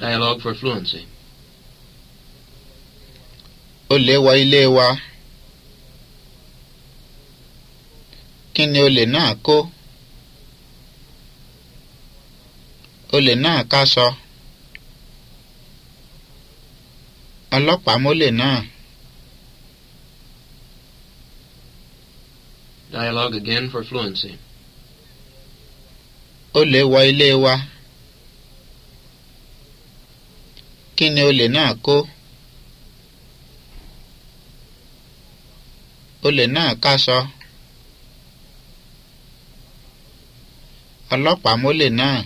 Dialogue for fluency. Olè wọ ilé wa. Kí ni olè náà kó? Olè náà káṣọ. Ọlọ́pàá mólè náà. Dialogue again for fluency. Olè wọ ilé wa. Kí ni olè náà kó? Olè náà káṣọ. Ọlọ́pàá mólè náà.